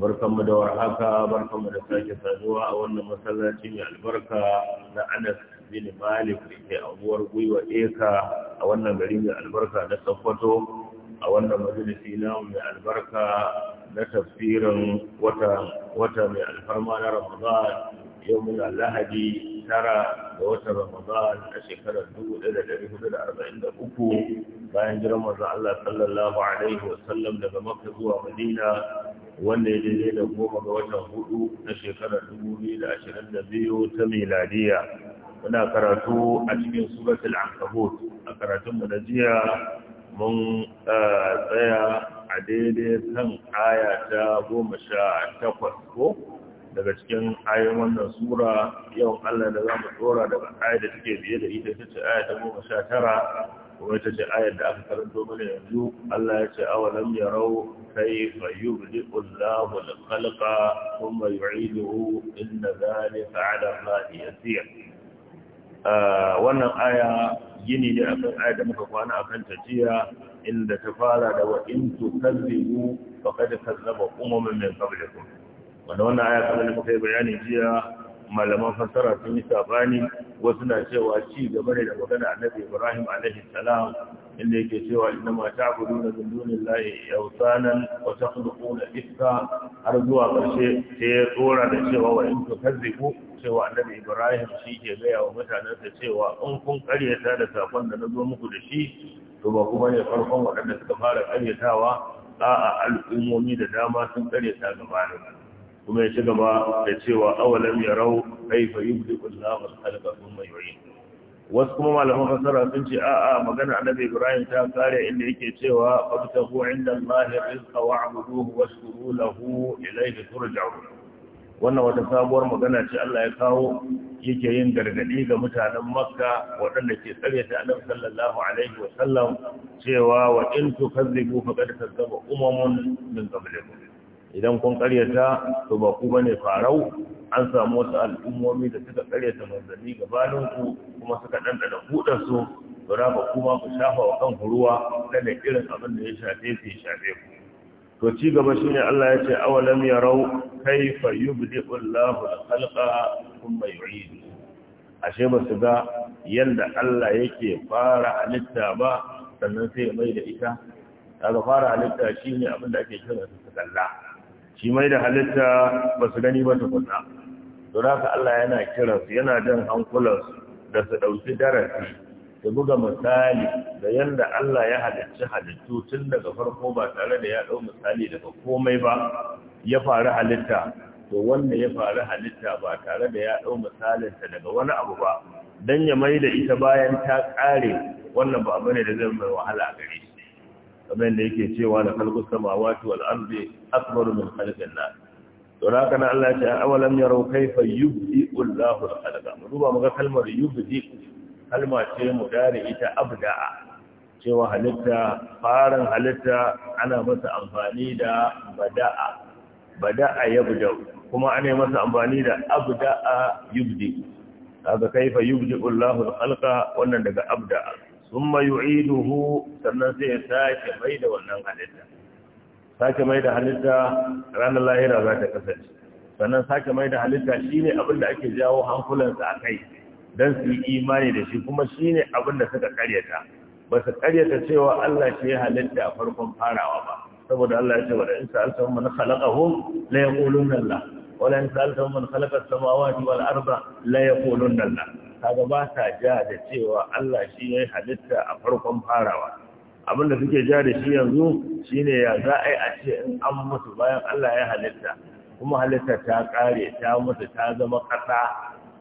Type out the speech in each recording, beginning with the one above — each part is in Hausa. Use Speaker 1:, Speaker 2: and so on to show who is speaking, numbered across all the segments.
Speaker 1: barkanmu da warhaka barkanmu da sake saduwa a wannan masallaci mai albarka na Anas bin Malik ne ke abuwar gwiwa eka a wannan gari mai albarka na Sokoto a wannan majalisi na mai albarka na tafsirin wata wata mai alfarma na Ramadan yau muna Lahadi tara da wata Ramadan a shekarar dubu ɗaya da da da hudu arba'in uku bayan jiran manzon Allah sallallahu alaihi wasallam daga Makka zuwa Madina wanda ya daidai da goma ga watan hudu na shekarar dubu biyu da da ashirin biyu ta miladiya muna karatu a cikin suratul ankabut a karatun mu na jiya mun eh, tsaya a daidai kan aya ta goma sha takwas ko daga cikin ayoyin wannan sura yawan Allah da za mu tsora daga aya da take biye da ita ta ce aya ta goma sha tara kuma ta ce ayar da aka karanto mana yanzu Allah ya ce awalam yarau kayfa yubdi'u Allahu al-khalqa thumma yu'iduhu inna dhalika 'ala Allahi yasir wannan aya gini ne akan ayar da muka kwana akan jiya inda ta fara da wa in tukazzibu faqad kazzaba umamun min qablikum wannan wannan aya kamar da muka yi bayani jiya malaman fassara sun yi sabani wasu na cewa ci gaba ne da magana annabi Ibrahim alaihi salam inda yake cewa inna ma ta'buduna min dunillahi awsanan wa takhluquna iska? har zuwa karshe sai ya tsora da cewa wa in tukazzibu cewa annabi Ibrahim shi ke gaya wa mutanensa cewa in kun karyata da sakon da na zo muku da shi to ba kuma ne farkon waɗanda suka fara karyatawa a'a al'ummomi da dama sun karyata gabanin kuma ya ci gaba da cewa awalan ya rau kaifa yubdi kullahu al-khalqa thumma yi. wasu kuma malaman fasara sun ce a'a magana annabi Ibrahim ta kare inda yake cewa fabtahu inda Allah rizqa wa'buduhu washkuru lahu ilayhi turja'un wannan wata sabuwar magana ce Allah ya kawo yake yin gargadi ga mutanen Makka waɗanda ke tsare ta Annabi sallallahu alaihi wa sallam cewa wa in tukazzibu faqad kazzaba umamun min qablikum idan kun karyata to ba ku bane farau an samu wasu al'ummomi da suka karyata manzanni gabanin ku kuma suka dandana buɗe su to da ba ma ku shafa wa kanku ruwa kada da irin abin da ya shafe su ya shafe ku to ci gaba shine Allah ya ce awalam yarau kaifa yubdi'u Allahu al-khalqa thumma yu'idu ashe ba su ga yanda Allah yake fara halitta ba sannan sai ya mai da ita daga fara halitta shine abin da ake kira su kalla shi mai da halitta ba su gani ba tukunna don haka Allah yana kiransu yana jan hankulansu da su ɗauki darasi da buga misali da yadda Allah ya halicci halittu tun daga farko ba tare da ya ɗau misali daga komai ba ya faru halitta to wanda ya faru halitta ba tare da ya ɗau misalinsa daga wani abu ba don ya mai da ita bayan ta ƙare wannan ba abu ne da zai mai wahala a gare kamar yake cewa la khalqu samawati wal ardi akbar min khalqin na to na kana Allah ya ce awalam yaro kayfa yubdi Allahu mu duba muga kalmar yubdi kalma ce mu dare ita abda'a cewa halitta farin halitta ana masa amfani da bada'a bada'a yabda kuma ana masa amfani da abda'a yubdi kaga kaifa yubdi Allahu wannan daga abda'a ثم يعيده sannan sai ya sake mai da wannan halitta sake mai da halitta ranar lahira za ta kasance sannan sake mai da halitta shine abin da ake jawo hankulansa a kai don su yi imani da shi kuma shine abin da suka karyata ba su karyata cewa Allah shi ya halitta a farkon farawa ba saboda Allah ya ce wa da na sa'alta hum man khalaqahum la Allah ولئن سألتهم من خلق السماوات والأرض لا يقولون الله kaga ba ta ja da cewa Allah shi ya halitta a farkon farawa abin da suke ja da shi yanzu shine ya za a yi a ce in an mutu bayan Allah ya halitta kuma halitta ta kare ta mutu ta zama kasa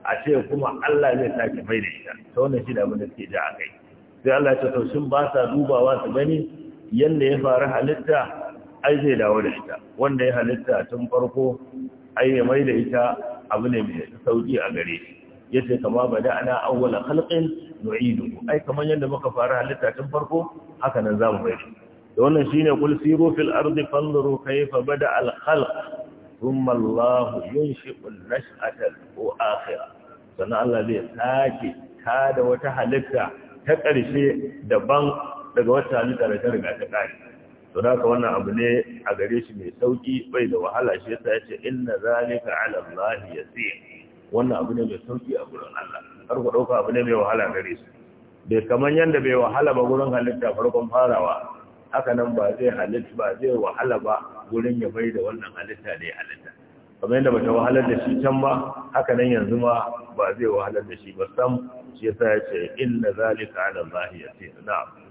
Speaker 1: a ce kuma Allah zai sake mai da ita ta wannan shi da abin da suke ja a kai sai Allah ya ce ba sa dubawa su gani yadda ya faru halitta ai zai dawo da ita wanda ya halitta tun farko ai ya mai da ita abu ne mai sauki a gare shi yace kama bada ana awwala khalqin nu'idu ai kaman yanda muka fara halitta tun farko haka nan zamu mai da wannan shine kul siru fil ardi fanzuru kayfa bada al khalq thumma Allah yunshiqu an-nash'ata al sannan Allah zai sake tada wata halitta ta ƙarshe daban daga wata halitta da ta riga ta ƙare to da ka wannan abu ne a gare shi mai sauki bai da wahala shi yasa yace inna zalika ala Allah yasir wannan abu ne mai sauki a gurin Allah har ku dauka abu ne mai wahala gare shi bai kaman yanda bai wahala ba gurin halitta farkon farawa haka nan ba zai halitta ba zai wahala ba gurin ya bai da wannan halitta da ya halitta kamar yadda bata wahalar da shi can ba haka nan yanzu ma ba zai wahalar da shi ba sam shi yasa ya ce inna zalika ala Allah yasir na'am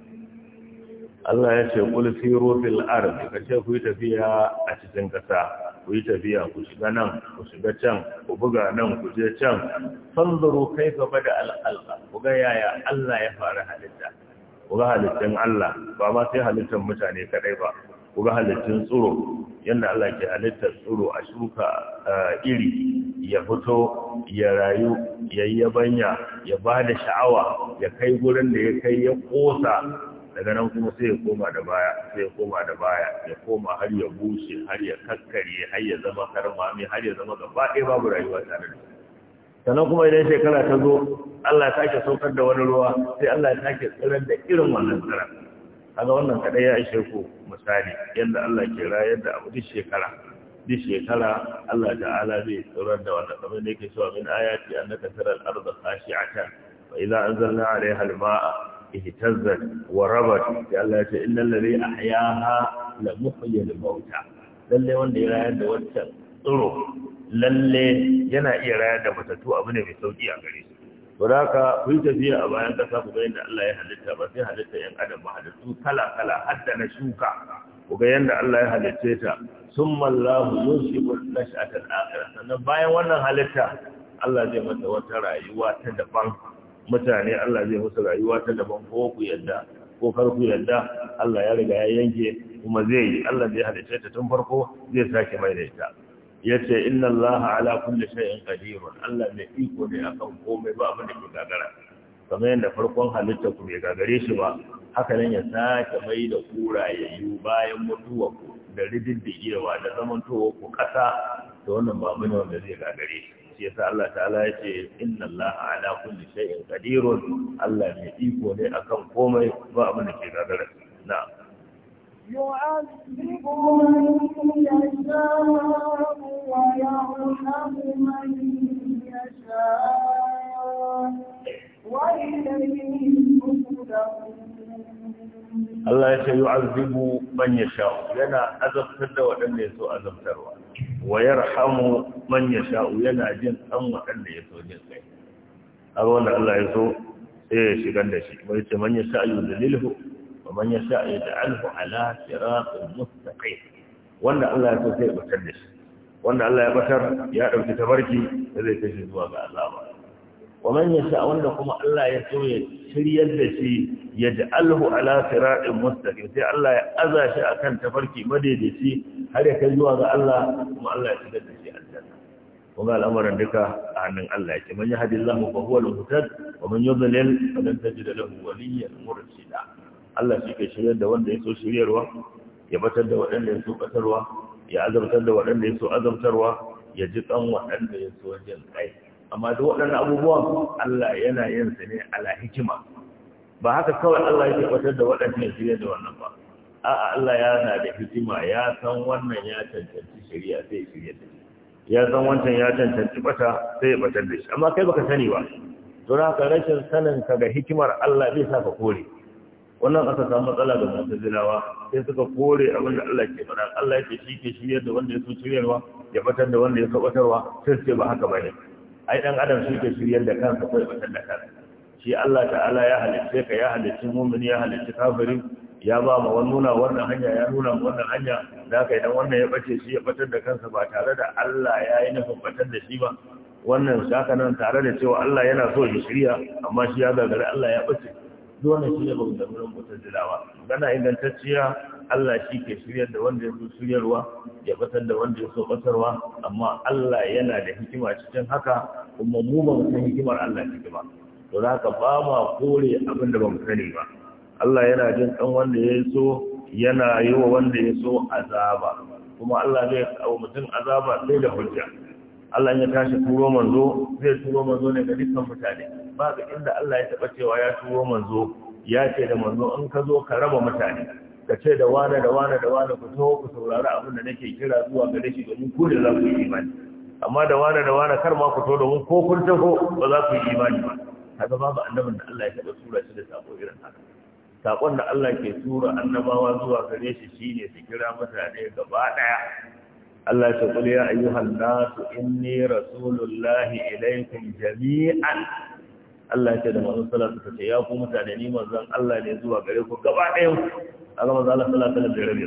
Speaker 1: Allah ya ce kul siru fil ard ka ce ku tafiya a cikin kasa ku tafiya ku shiga nan ku shiga can ku buga nan ku je can fanzuru kaifa bada al-alqa ku ga yaya Allah ya fara halitta ku ga halittun Allah ba ma sai halittun mutane kadai ba ku ga halittun tsuro yanda Allah ke halitta tsuro a shuka iri ya fito ya rayu ya ya bada sha'awa ya kai gurin da ya kai ya kosa daga nan kuma sai ya koma da baya sai ya koma da baya ya koma har ya bushe har ya kakkarye har ya zama karmami har ya zama gaba ɗaya babu rayuwa tare da sannan kuma idan shekara ta zo Allah ya sake saukar da wani ruwa sai Allah ya sake tsirar da irin wannan tsirar kaga wannan kadai ya ishe ku misali yadda Allah ke rayar da abu duk shekara duk shekara Allah ta'ala zai tsirar da wannan kamar da yake cewa min ayati annaka taral arda khashi'atan fa idza anzalna 'alayha al-ma'a ihtazzat wa rabat ya Allah ya ce innal ladhi la muhyil mauta lalle wanda ya rayar da wancan tsiro lalle yana iya rayar da matattu abu ne mai sauki a gare su to da tafiya a bayan kasa ku ga yadda Allah ya halitta ba sai halitta yan adam ba halittu kala kala da na shuka ku ga yadda Allah ya halitta ta summa Allahu yushibu nash'atal akhirah sannan bayan wannan halitta Allah zai mata wata rayuwa ta daban mutane Allah zai musu rayuwa ta daban ko ku yadda ko kar ku yadda Allah ya riga ya yanke kuma zai yi Allah zai halice ta tun farko zai sake mai da ita yace inna Allah ala kulli shay'in qadir Allah ne iko ne akan komai ba abin da ke gagara kamar yadda farkon halitta ku bai gagare shi ba haka nan ya sake mai da kurayayyu bayan mutuwa ku da da zamantowa ku kasa to wannan ba abin wanda zai gagare shi shi yasa Allah ta'ala ya ce inna Allah ala kulli shay'in qadir Allah mai iko ne akan komai ba abin da ke gagara na
Speaker 2: Allah ya ce yi
Speaker 1: azubu ban ya sha'u yana azabtar da waɗanda ya so azabtarwa. wa yarhamu man yasha'u yana jin kan waɗanda ya so jin kai ga wanda Allah ya so sai ya shigar da shi bai ce man yasha'u dalilhu wa man yasha'u yaj'alhu ala siratin mustaqim wanda Allah ya so sai ya batar da shi wanda Allah ya batar ya dauki tabarki da zai kai shi zuwa ga azaba wa man yasha'u wanda kuma Allah ya so ya shiryar da shi ya ji alhu ala siratin sai Allah ya aza shi kan tafarki madaidaici har ya kai zuwa ga Allah kuma Allah ya shigar da shi aljanna ko ga al'amuran duka a hannun Allah ya ce, yake man yahdillahu fa huwa mun yi wa man yudlil ji tajid lahu waliyyan murshida Allah shi ke shiryar da wanda ya so shiryarwa ya batar da waɗanda ya so batarwa ya azabtar da waɗanda ya so azabtarwa ya ji kan waɗanda ya so jin kai amma duk waɗannan abubuwan Allah yana yin su ne ala hikima ba haka kawai Allah ya tabbatar da waɗannan shirya da wannan ba a'a Allah yana da hikima ya san wannan ya cancanci shari'a sai shirya da ya san wancan ya cancanci bata sai ya batar da shi amma kai baka sani ba to haka rashin sanin ka ga hikimar Allah zai sa ka kore wannan aka samu matsala ga mu'tazilawa sai suka kore abin da Allah ke faɗa Allah ya ce shi ke shiryar da wanda ya so shiryarwa ya batar da wanda ya so batarwa sai ce ba haka bane ai dan adam shi ke shiryar da kansa ko ya da kansa shi Allah ta'ala ya halitta ka ya halitta mu'mini ya halitta kafiri ya ba ma nuna wannan hanya ya nuna wannan hanya da kai idan wannan ya bace shi ya batar da kansa ba tare da Allah ya yi nufin batar da shi ba wannan saka nan tare da cewa Allah yana so ya shirya amma shi ya gagara Allah ya bace dole shi ne ba mu da mutum gana ingantacciya Allah shi ke shiryar da wanda ya so shiryarwa ya batar da wanda ya so batarwa amma Allah yana da hikima cikin haka kuma mu ba mu san hikimar Allah ce ba to za ka ba ma kore abin da ba mu sani ba Allah yana jin kan wanda ya so yana yi wa wanda ya so azaba kuma Allah zai kawo mutum azaba sai da hujja Allah ya tashi turo manzo zai turo manzo ne ga dukkan mutane ba ga inda Allah ya taba cewa ya turo manzo ya ce da manzo in ka zo ka raba mutane ka ce da wane da wane da wane ku taho ku saurari abin da nake kira zuwa gare shi domin ku da za ku yi imani amma da wane da wane kar ma ku taho domin ko kun taho ba za ku yi imani ba kaga babu annabin da Allah ya taɓa tura shi da sako irin haka sakon da Allah ke tura annabawa zuwa gare shi shine su kira mutane gaba daya Allah ya ce ya ayyuhan nasu inni rasulullahi ilaikum jami'an Allah ya ce da manzon sallallahu alaihi wasallam ya ku mutane ni manzon Allah ne zuwa gare ku gaba ɗaya a ga manzon Allah sallallahu alaihi wasallam rabe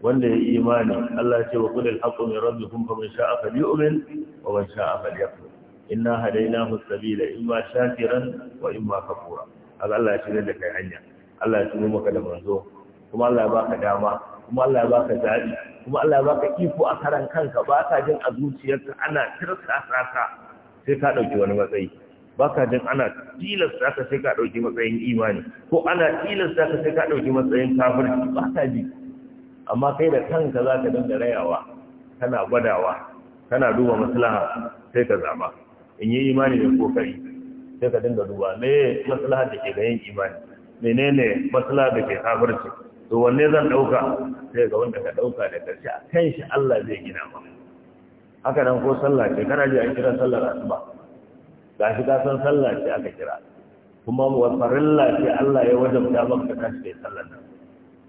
Speaker 1: wanda ya imani Allah ce wa qulil haqqu min rabbikum man sha'a falyu'min wa man sha'a falyakfur inna hadaynahu as-sabila imma shakiran wa imma kafura kaga Allah ya shirya da kai hanya Allah ya tuno maka da manzo kuma Allah ya baka dama kuma Allah ya baka zabi kuma Allah ya baka iko a karan kanka ba ka jin a zuciyarka ana tirsa ka sai ka dauki wani matsayi baka jin ana tilasta ka sai ka dauki matsayin imani ko ana tilasta ka sai ka dauki matsayin kafirci ka ji amma kai da kanka za ka dinga rayawa kana gwadawa kana duba maslaha sai ka zaba in yi imani da kokari sai ka dinga duba me maslaha da ke ga imani menene maslaha da ke kafirci to wanne zan dauka sai ga wanda ka ɗauka da karshe a kan shi Allah zai gina maka haka nan ko sallah ce kana ji a kira sallar asuba ga shi ka san sallah ce aka kira kuma wa farilla ce Allah ya wajabta maka ka tashi da sallar nan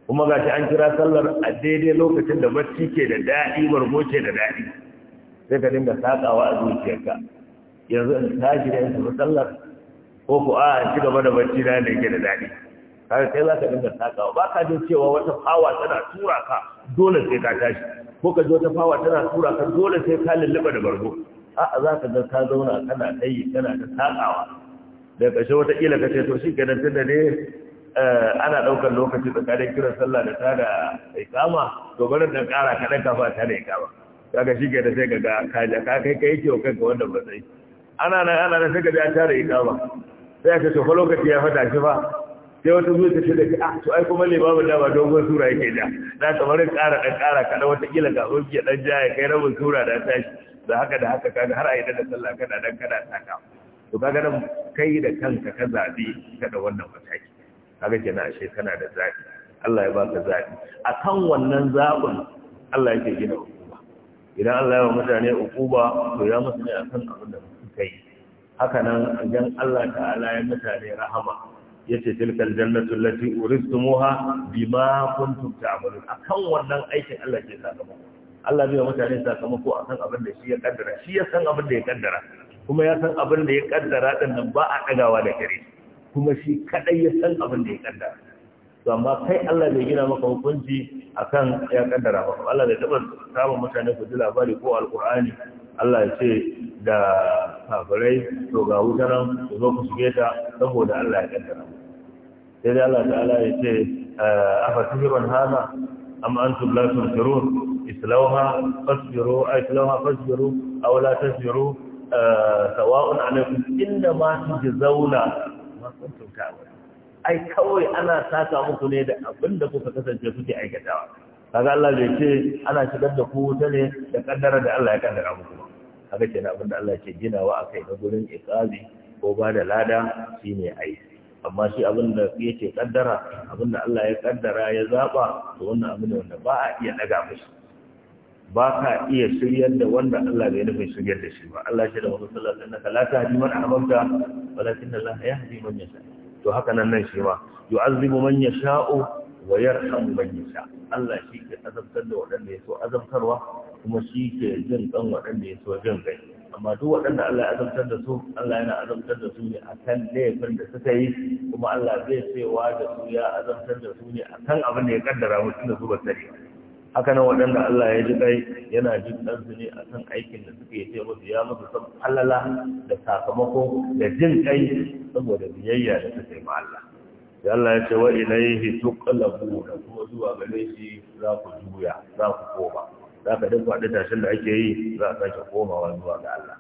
Speaker 1: kuma ga shi an kira sallar a daidai lokacin da bacci ke da daɗi bargo da daɗi sai ka dinga sakawa a zuciyarka yanzu in tashi da yin tafi sallar ko ku a ci gaba da bacci na da yake da daɗi kaga sai za ka dinga sakawa ba ka jin cewa wata fawa tana tura ka dole sai ka tashi ko ka ji wata fawa tana tura ka dole sai ka lulluɓa da bargo a za ka ga ka zauna kana ta yi kana ta taƙawa. da ƙashe wataƙila ka ce to shi ke tun da ne eh, ana ɗaukar lokaci tsakanin kiran sallah da ta da ikama to bari da ƙara kaɗan kafa ta da ikama kaga shi ke da sai ka ga ka kai kai ke kai kanka wanda ba sai ana nan ana nan sai ka ji tare ikama sai ka ce fa lokaci ya fata shi fa sai wata zuwa ta ce da ah to ai kuma limamin da ba dogon sura yake ja na kamar ƙara ɗan ƙara kaɗan wata kila ga ɗauki ya ɗan ja ya kai rabin sura da tashi da haka da haka kaga har a yi da sallah kana dan kada taka to kaga nan kai da kanka ka zabi kada wannan mataki kaga kenan ashe kana da zabi Allah ya baka zabi akan wannan zabin Allah yake gina hukuma idan Allah ya wa mutane hukuma to ya musu ne akan abin da suka yi haka nan idan Allah ta'ala ya mutane rahama yace tilkal jannatu allati uristumuha bima kuntum ta'malun akan wannan aikin Allah ke sakamako Allah zai wa mutane sakamako san abin da shi ya kaddara shi ya san abin da ya kaddara kuma ya san abin da ya kaddara din nan ba a dagawa da kare kuma shi kadai ya san abin da ya kaddara to amma kai Allah bai gina maka hukunci akan ya kaddara ba Allah bai taba samu mutane ku ji labari ko alqur'ani Allah ya ce da kafirai to ga wutaran ku zo ku shige ta saboda Allah ya kaddara sai dai Allah ta'ala ya ce eh, afa tuhiban hada am antum la tusirun islauha fasbiru اتلوها فاسجروا او لا تسجروا سواء عليكم inna ma tujzauna ma kuntum ai kawai ana saka muku ne da abin da kuka kasance kuke aikatawa kaga Allah bai ce ana shigar da ku wuta ne da kaddara da Allah ya kaddara muku ba kaga kenan abin da Allah ke ginawa akai na gurin iqabi ko ba da lada shine ai amma shi abin da yake kaddara abin da Allah ya kaddara ya zaba to wannan abin da ba a iya daga mushi ba ka iya shiryar da wanda Allah bai nufin shiryar da shi ba Allah shi da wasu sallar innaka la tahdi man ahbabta walakin Allah yahdi man yasha to haka nan nan shi ma yu'azzibu man yasha'u wa yarhamu man yasha Allah shi ke azabtar da waɗanda ya so azabtarwa kuma shi ke jin kan waɗanda ya so jin kai amma duk waɗanda Allah ya azabtar da su Allah yana azabtar da su ne akan laifin da suka yi kuma Allah zai cewa da su ya azabtar da su ne akan abin da ya kaddara musu da su ba sani haka nan waɗanda Allah ya ji ɗai yana jin ɗansu ne a kan aikin da suke ce musu ya musu san kallala da sakamako da jin ɗai saboda biyayya da suka ma Allah ya Allah ya ce wa ilaihi tuqlabu da kuma zuwa gare shi za ku juya za ku koma za ka duk faɗi tashin da ake yi za a sake komawa zuwa ga Allah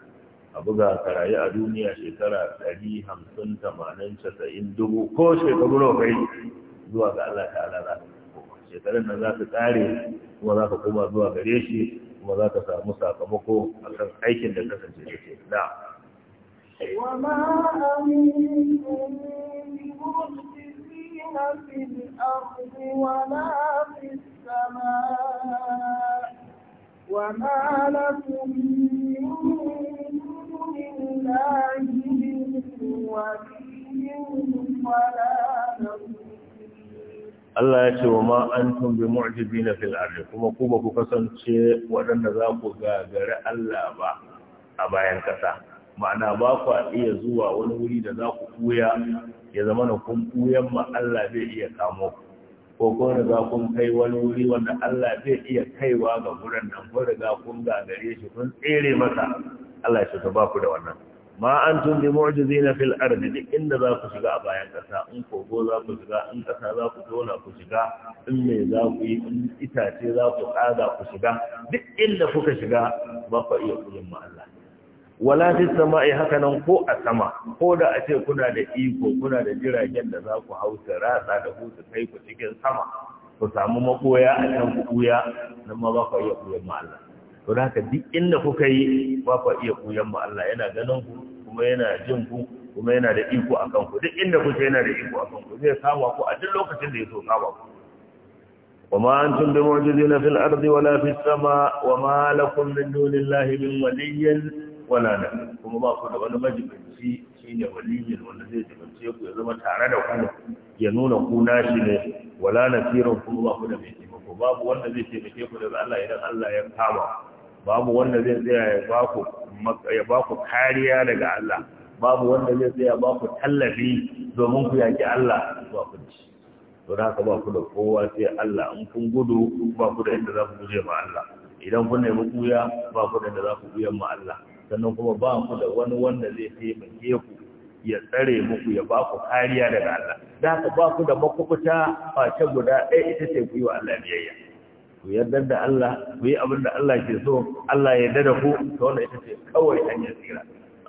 Speaker 1: a buga karayi a duniya shekara ɗari hamsin tamanin casa'in dubu ko shekaru nawa kai zuwa ga Allah ta'ala za ka shekarun nan za ka tsare kuma za ka koma zuwa gare shi kuma za ka samu sakamako a kan aikin da kasance da
Speaker 2: ke da
Speaker 1: Allah ya ce wa ma antum bi mu'jizina fil ardi kuma ku ba ku kasance waɗanda za ku gagari Allah ba a bayan kasa ma'ana ba ku iya zuwa wani wuri da za ku kuya ya zama na kun kuyan ma Allah bai iya kamo ku ko da za kun kai wani wuri wanda Allah zai iya kaiwa ga gurin nan da za kun gagare shi kun tsere masa Allah ya ta ba ku da wannan ma an tun bi mu'jizi na fil ardi duk inda za ku shiga a bayan ƙasa in kogo za ku shiga in ƙasa za ku tona ku shiga in me za ku yi in itace za ku tsaga ku shiga duk inda kuka shiga ba ku iya kuyin ma Allah wala fi sama'i haka nan ko a sama ko da a ce kuna da iko kuna da jiragen da za ku hau su ratsa da hutu kai ku cikin sama ku samu makoya a can ku kuya nan ma ba ku iya kuyin ma Allah to da haka duk inda kuka yi ba ku iya koyon ba Allah yana ganin ku kuma yana jin ku kuma yana da iko a kanku duk inda kuka yana da iko a kanku zai kama ku a duk lokacin da ya so kama ku وما أنتم بمعجزين في الأرض ولا في السماء وما لكم من دون الله من ولي ولا نبي kuma ba ku da wani majibinci shine waliyyin wanda zai jibince ku ya zama tare da ku ya nuna ku nashi ne wala nasirun kuma ba ku da mai Ko babu wanda zai taimake ku daga Allah idan Allah ya kama babu wanda zai tsaya ya baku ya baku kariya daga Allah babu wanda zai tsaya baku tallafi domin ku yaki Allah ba ku ci to da haka ba ku da kowa sai Allah in kun gudu ba ku da inda za ku guje ma Allah idan kun nemi kuya ba ku da inda za ku kuyan ma Allah sannan kuma ba ku da wani wanda zai taimake ku ya tsare muku ya ba ku kariya daga Allah da haka ba ku da makubuta face guda ɗaya ita ce ku yi wa Allah biyayya ku yarda da Allah ku yi abin da Allah ke so Allah ya yarda da ku to wannan ita ce kawai hanyar tsira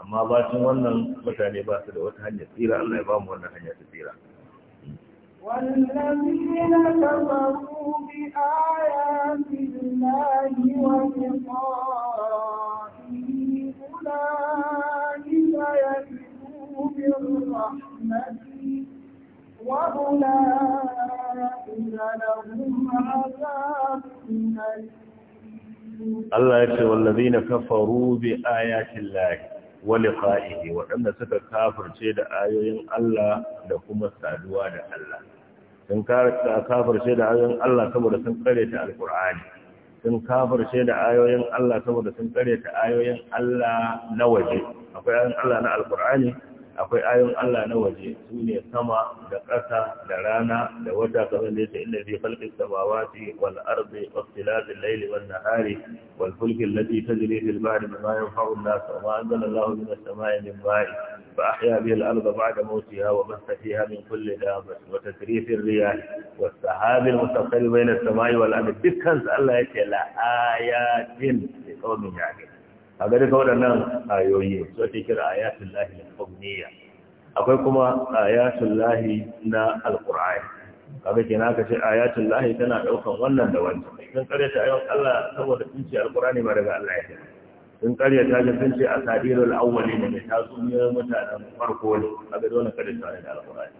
Speaker 1: amma ba bacin wannan mutane ba su da wata hanyar tsira Allah ya ba mu wannan hanyar tsira
Speaker 2: والذين كفروا بآيات الله أولئك Allah
Speaker 1: ya ce wallazi na kafaru bi ayatin lahi wa liqa'ihi waɗanda suka kafirce da ayoyin Allah da kuma saduwa da Allah sun kafirce da ayoyin Allah saboda sun kare ta alqur'ani sun kafirce da ayoyin Allah saboda sun kare ta ayoyin Allah na waje akwai ayoyin Allah na alqur'ani akwai ayon Allah na waje su ne sama da ƙasa da rana da wata kamar da yake inda fi khalqis samawati wal ardi wastilafil layli wan nahari wal fulki allati tajri fil bahri bima yanfa'u an-nas wa ma anzala Allahu minas samai min ma'i fa ahya bihi al-ardha ba'da mawtiha wa bassa fiha min kulli dabbatin wa tasrifir riyah was sahabil mutasakhir bayna as-samai wal ardi dukkan Allah yake la ayatin liqaumin ya'lamun a gari ga waɗannan ayoyi su ake kira ayatul lahi na qawmiyya akwai kuma ayatul lahi na al-qur'ani kaga ke aka ce ayatul lahi tana ɗaukan wannan da wannan sun karyata ayon Allah saboda sun ce al ba daga Allah ya sun karyata ga sun ce asadirul awwalin ne tasumiyar mutanen farko ne kaga dole kada ta da al-qur'ani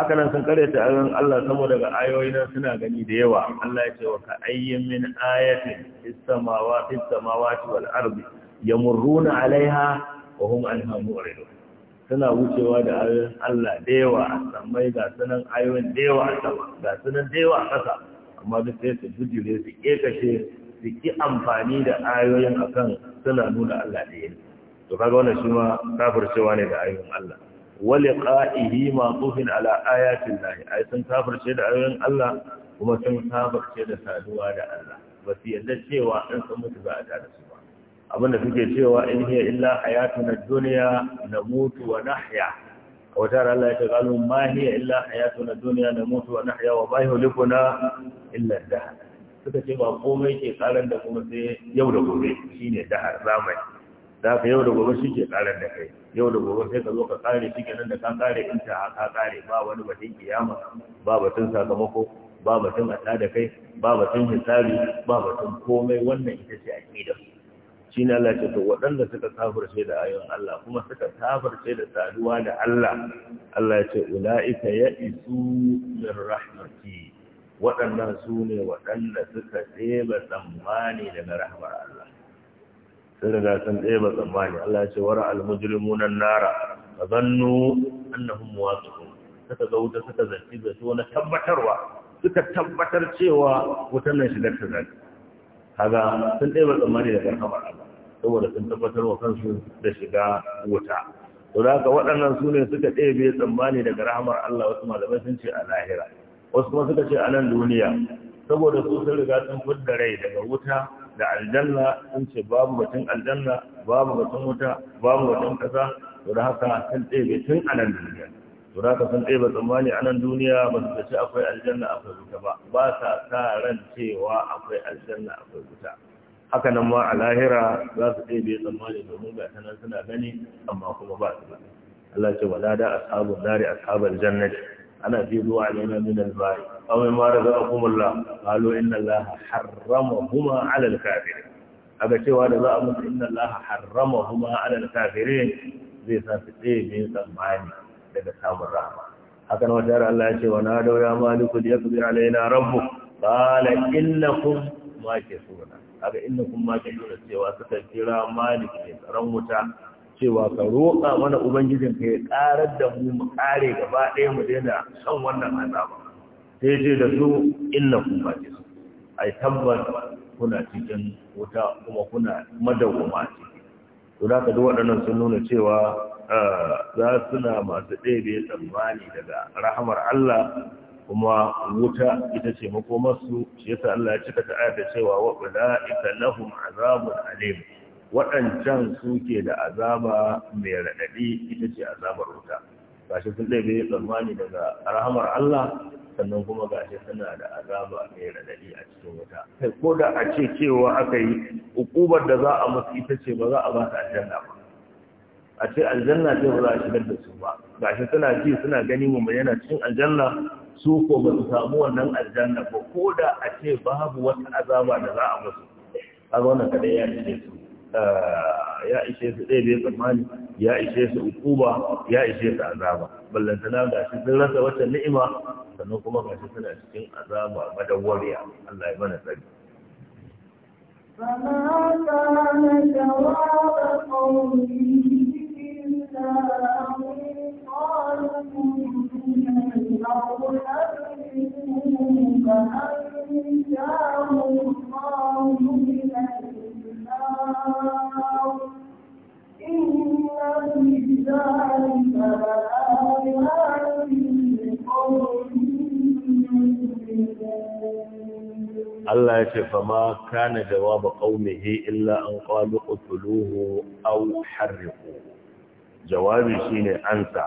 Speaker 1: haka nan sun karyata ayoyin Allah saboda ga ayoyi nan suna gani da yawa Allah ya ce wa ka ayyamin min ayatin fis samawati fis samawati wal yamurruna alaiha wa hum alhamu mu'ridun suna wucewa da ayoyin Allah da yawa a samai ga sunan ayoyin da yawa a sama ga sunan da yawa a ƙasa amma duk sai su bujire su kekashe su ki amfani da ayoyin akan suna nuna Allah da yawa to kaga wannan shi ma cewa ne da ayoyin Allah wa liqa'ihi ma tufin ala ayatin lahi ai sun ce da ayoyin Allah kuma sun ce da saduwa da Allah ba su yarda cewa in sun mutu za a tada su abinda suke cewa in hiya illa hayatuna dunya namutu wa nahya wata Allah ya ce qalu ma hiya illa hayatuna dunya namutu wa nahya wa ma yuhlikuna illa dahr suka ce ba komai ke karar da kuma sai yau da gobe shine dahar zamai da ka yau da gobe shi ke da kai yau da gobe sai ka zo ka kare shi nan da ka kare in ta ka kare ba wani batun kiyama ba batun sakamako ba batun a da kai ba batun hisabi ba batun komai wannan ita ce aqida su shi ne Allah ce to waɗanda suka kafirce da ayon Allah kuma suka kafirce da saduwa da Allah Allah ya ce ula'ika ya isu min rahmati waɗannan su ne waɗanda suka ɗeba tsammani daga rahmar Allah sun riga sun ɗeba tsammani Allah ya ce wara almujrimuna nara fa zannu annahum muwaqiqun suka ga wuta suka zanci da su na tabbatarwa suka tabbatar cewa wutan nan shigar ta zaki kaga sun ɗaya tsammani daga kamar Allah saboda sun tabbatar wa kansu da shiga wuta to da haka waɗannan su ne suka ɗebe tsammani daga rahamar Allah wasu malamai sun ce a lahira wasu kuma suka ce a nan duniya saboda su sun riga sun fudda rai daga wuta da aljanna sun ce babu batun aljanna babu batun wuta babu batun ƙasa to da haka sun ɗebe tun a nan duniya to da ka san ɗaya tsammani a nan duniya ba su akwai aljanna akwai wuta ba ba sa sa ran cewa akwai aljanna akwai wuta haka nan ma a lahira za su ɗaya tsammani domin ga nan suna gani amma kuma ba su ba Allah ce wala da ashabun nari ashabal jannati ana fi zuwa alaina min al-ba'i aw mimma razaqakumullah qalu inna allaha harramahuma 'ala al-kafirin aga cewa da za a musu inna allaha harramahuma 'ala al-kafirin zai sa su ɗaya tsammani daga samun rahama haka na wata Allah ya ce wa na daura maliku da ya kuzi alaina rabbu qala innakum suna. haka ke suna cewa suka kira malik ne tsaron wuta cewa ka roƙa mana ubangijin ka ya karar da mu mu kare gaba ɗaya mu daina son wannan azaba sai ce da su kun ke suna ai tabbas kuna cikin wuta kuma kuna madawwama ce to da duk waɗannan sun nuna cewa za suna masu ɗebe tsammani daga rahamar Allah kuma wuta ita ce makomarsu shi yasa Allah ya cika ta ayata cewa wa ita lahum azabun alim waɗancan suke da azaba mai raɗaɗi ita ce azabar wuta shi sun ɗebe tsammani daga rahamar Allah sannan kuma ga shi suna da azaba mai radadi a cikin wuta sai ko da a ce cewa aka yi hukumar da za a musu ita ce ba za a ba su aljanna ba a ce aljanna ce ba za a shigar da su ba ga shi suna ji suna gani mu yana cikin aljanna su ko ba su samu wannan aljanna ba ko da a ce babu wata azaba da za a musu zo na kadai ya ce su ya ishe su ɗaya bai tsammani ya ishe su ukuba ya ishe su azaba ballantana ga shi sun rasa wata ni'ima sannan kuma ga shi suna cikin azaba madawwariya Allah ya mana tsari
Speaker 2: فما كان جواب قومه إلا أن قالوا من الأرض أبرئوا فأنجاه الله Allah ya ce
Speaker 1: fama kana jawabu qaumihi illa an qalu qutuluhu aw harriqu jawabi shine ansa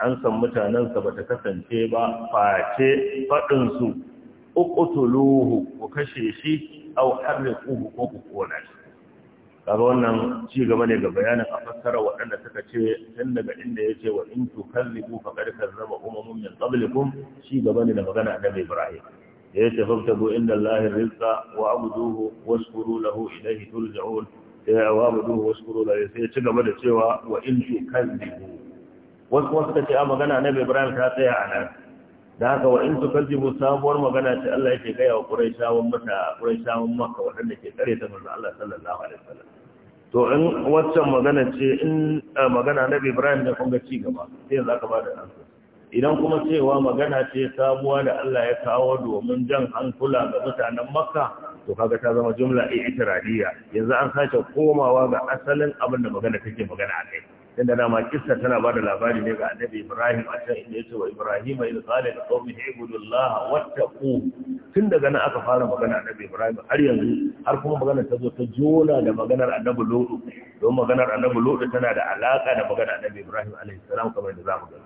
Speaker 1: an san mutanen sa kasance ba face fadin su ku kashe shi aw harriquhu ko ku kona shi kaga wannan ci gaba ne ga bayanin a fassara waɗanda suka ce tun daga inda ya ce wa in fa qad kazzaba umamun min qablikum ci gaba ne da magana da Ibrahim da yace fabtagu inda Allah rizqa wa abuduhu washkuru lahu ilayhi turja'un ya wa abuduhu washkuru lahu sai ci gaba da cewa wa in tukallibu wasu wasu ta ce a magana na Ibrahim ta tsaya a nan da haka wa in tukallibu sabuwar magana ce Allah yake gaya wa Quraishawan mata Quraishawan Makka waɗanda ke tsare ta manzo Allah sallallahu alaihi wasallam to in waccan magana ce in eh, magana na Ibrahim da kunga ci gaba sai yanzu aka bada ansa idan kuma cewa magana ce sabuwa da Allah ya kawo domin jan hankula ga mutanen Makka to kaga ta zama jumla i'tiradiyya yanzu an sake komawa ga asalin abin da magana take magana a kai inda dama kissa tana ba da labari ne ga annabi ibrahim a can inda ya ce wa ibrahim ya tsale da tsohon ibudullah wata ku tun daga nan aka fara magana annabi ibrahim har yanzu har kuma magana ta zo ta jona da maganar annabi lodu don maganar annabi lodu tana da alaka da maganar annabi ibrahim alaihi salam kamar da za mu gani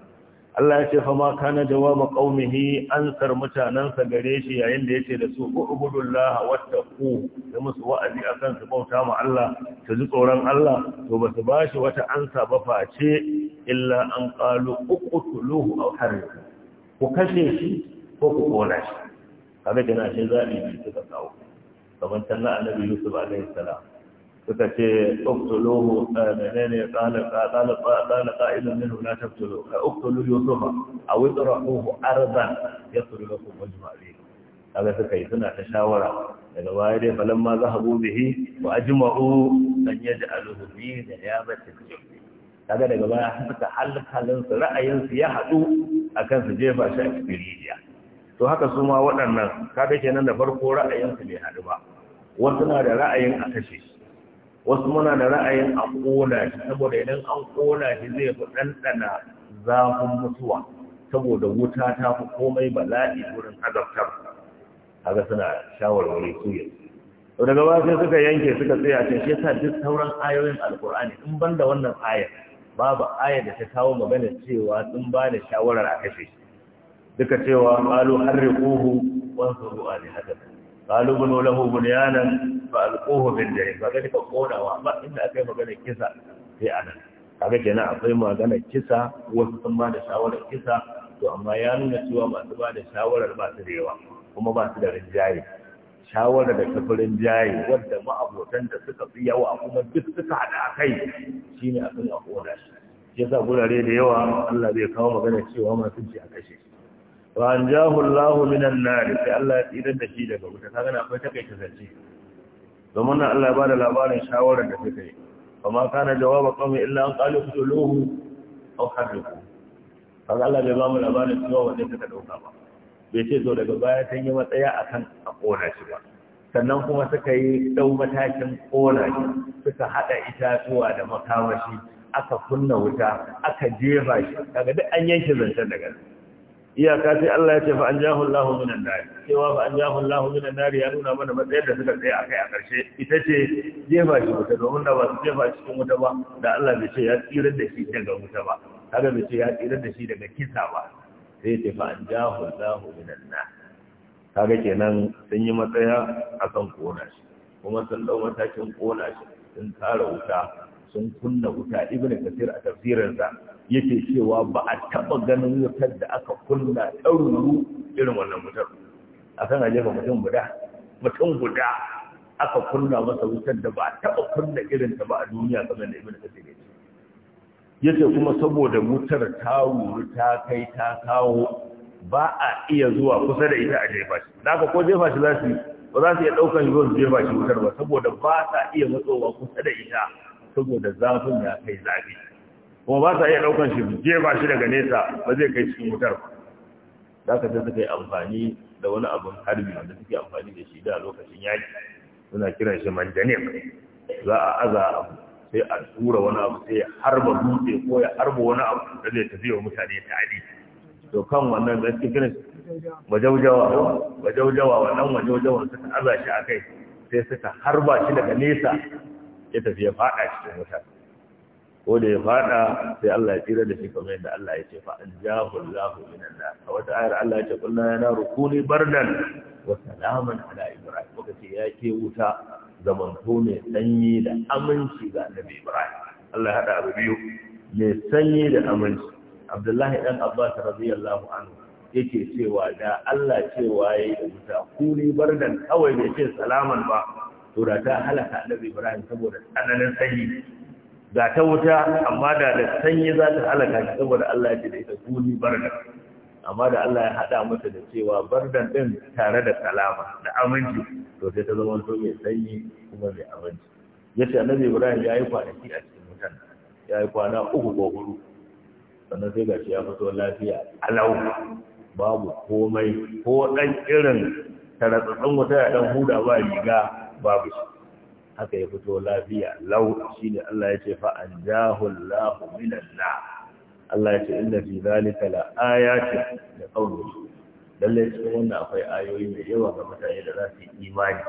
Speaker 1: Allah ya ce fa ma kana jawaba qaumihi ansar mutanansa gare shi yayin da yace da su ubudullaha wattaqu da musu wa'azi akan su bauta ma Allah su ji tsoron Allah to ba basu bashi wata ansa ba face illa an qalu uqtuluhu aw harriku ku kashe shi ko ku kona shi kaga kana shi zabi ne ta kawo kamar tanna annabi Yusuf alaihi salam suka ce uktuluhu menene qala qa'ilun minhu la taqtulu uktulu yusufa a aw itrahuhu ardan yasru lakum wajhu alayhi kaga suka yi suna ta shawara daga baya dai ma za a zahabu bihi wa ajma'u an yaj'aluhu bi da ya bace kaga daga baya suka halkalin su ra'ayin su ya haɗu a kan su jefa shi a cikin to haka su ma waɗannan kaga kenan da farko ra'ayin su bai haɗu ba wasu na da ra'ayin a kashe shi wasu muna da ra'ayin an ƙona shi saboda idan an ƙona shi zai fi ɗanɗana zafin mutuwa saboda wuta ta fi komai bala'i wurin azabtar haka suna shawarwari su yanzu to daga ba sai suka yanke suka tsaya ce shi yasa duk sauran ayoyin alkur'ani in banda wannan ayar babu ayar da ta kawo magana cewa sun ba da shawarar a kashe shi duka cewa wansu harriquhu ne alihatakum قالوا بنوا له بنيانا فألقوه في الجحيم فقد aka وما إن أكيف قال كسا في أنا kaga kenan akwai maganar kisa wasu sun ba da shawarar kisa to amma ya nuna cewa masu ba da shawarar ba su da yawa kuma ba su da rinjaye shawarar da tafi rinjaye wadda ma'abotan da suka fi yawa kuma duk suka haɗa a kai shine akan a shi yasa gurare da yawa Allah zai kawo magana cewa masu ji a kashe wa an jahu Allah minan nar sai Allah ya tsira da shi daga wuta kaga na akwai takaita zance domin nan Allah ya bada labarin shawarar da take yi amma kana jawaba kuma, illa an qalu quluhu aw harriku kaga Allah bai ba mu labarin cewa wanda take dauka ba bai ce zo daga baya tan yi matsaya akan a kona shi ba sannan kuma suka yi dau matakin kona shi suka hada itatuwa da makamashi aka kunna wuta aka jefa shi kaga duk an yanke zancen daga nan iyaka sai Allah ya ce fa anjahu Allahu minan nar cewa fa anjahu Allahu minan nar ya nuna mana matsayar da suka tsaya kai a karshe ita ce jefa shi wuta domin da ba su jefa shi cikin wuta ba da Allah bai ce ya tsira da shi daga wuta ba kaga bai ce ya tsira da shi daga kisa ba sai ce fa anjahu Allahu minan nar kaga kenan sun yi matsaya akan kona shi kuma sun dau matakin kona shi sun tsara wuta sun kunna wuta ibnu kasir a tafsirinsa yake cewa ba a taɓa ganin wutar da aka kunna ɗaururu irin wannan mutar. a kan ajefa mutum guda mutum guda aka kunna masa wutar da ba a taɓa kunna irin ta ba a duniya kamar da ibina kasir ne yake kuma saboda wutar ta wuri ta kai ta kawo ba a iya zuwa kusa da ita a jefa shi da aka ko jefa shi za su ba za su iya ɗaukar zuwa su jefa shi wutar ba saboda ba sa iya matsowa kusa da ita saboda zafin ya kai zafi kuma ba sa iya daukan shi jefa shi daga nesa ba zai kai cikin wutar ba za ka suka yi amfani da wani abin harbi wanda suke amfani da shi da lokacin yaki suna kiran shi manjanik za a aza abu sai a tura wani abu sai ya harba dutse ko ya harba wani abu da zai tafi wa mutane ta adi to kan wannan da suke kiran wajaujawa wajaujawa wannan wajaujawan suka aza shi a kai sai suka harba shi daga nesa ya tafi ya faɗa cikin mutane ko da ya fada sai Allah ya tsira da shi kamar yadda Allah ya ce fa an jahu Allahu a wata ayar Allah ya ce kullu ya naru kuni bardan wa salaman ala ibrahim muka ce ya ke wuta zaman to mai sanyi da aminci ga annabi ibrahim Allah ya hada abu biyu mai sanyi da aminci Abdullahi dan Abbas radiyallahu anhu yake cewa da Allah cewa yayi da wuta kuni bardan kawai bai ce salaman ba to da ta halaka annabi ibrahim saboda tsananin sanyi ga ta wuta amma da da sanyi za ta halaka shi saboda Allah ya ce da ita kuni barda amma da Allah ya hada mata da cewa bardan din tare da salama da aminci to sai ta zama to mai sanyi kuma mai aminci yace annabi Ibrahim ya yi kwanaki a cikin wutan ya yi kwana uku ko huɗu. sannan sai gashi ya fito lafiya alau babu komai ko dan irin taratsatsin wuta ya dan huda ba riga babu shi haka ya fito lafiya lau shine Allah ya ce fa anjahu Allahu minan nar Allah ya ce fi zalika la da qawli lalle cikin wannan akwai ayoyi mai yawa ga mutane da za su yi imani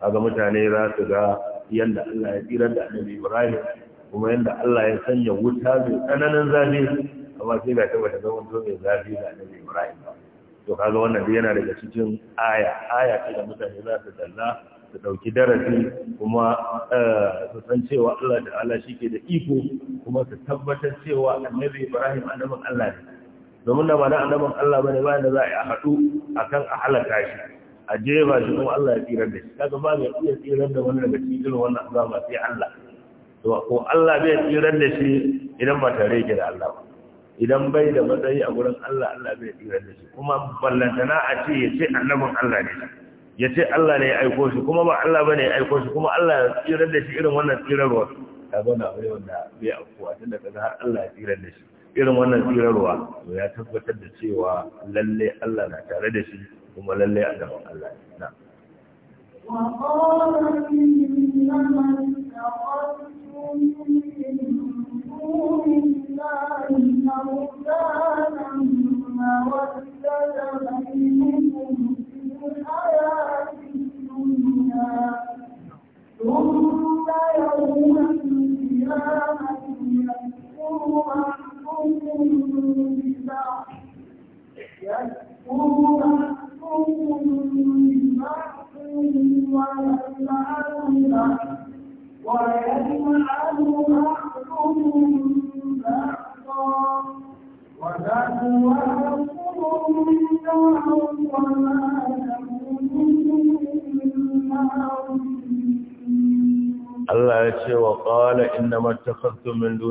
Speaker 1: ga mutane za su ga yanda Allah ya tsira da Annabi Ibrahim kuma yanda Allah ya sanya wuta mai tsananin zafi amma sai ga ta bata zama mai zafi da Annabi Ibrahim to kaga wannan yana daga cikin aya aya ce da mutane za su dalla su ɗauki darasi kuma eh, su san cewa Allah da Allah shi ke da iko kuma su tabbatar cewa annabi Ibrahim annabin Allah ne domin da ba annabin Allah bane bayan da za a haɗu akan a halaka shi a jefa shi kuma Allah ya tsirar da shi kaga ba mai iya tsirar da wani daga cikin wannan azama sai Allah to ko Allah bai tsirar da shi idan ba tare yake da Allah ba idan bai da matsayi a gurin Allah Allah bai tsirar da shi kuma ballantana a ce ya ce annabin Allah ne ya ce Allah ne ya aiko shi kuma ba Allah ba ne ya aiko shi kuma Allah ya tsirar da shi irin wannan tsirarwa ta zauna abu ne wanda bai afuwa tun da kaga har Allah ya tsirar da shi irin wannan tsirarwa to ya tabbatar da cewa lalle Allah na tare da shi kuma lalle annaban Allah ne na
Speaker 2: وقال إنما اتخذتم الحياة الدنيا ثم يوم القيامة يكفر